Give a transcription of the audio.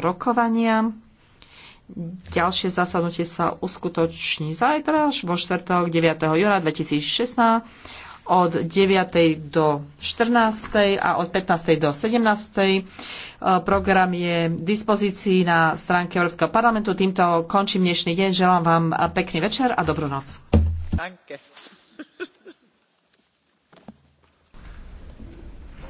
rokovania. Ďalšie zasadnutie sa uskutoční zajtra, vo štvrtok 9. júna 2016 od 9. do 14. a od 15. do 17. E, program je v dispozícii na stránke Európskeho parlamentu. Týmto končím dnešný deň. Želám vám pekný večer a dobrú noc. Danke.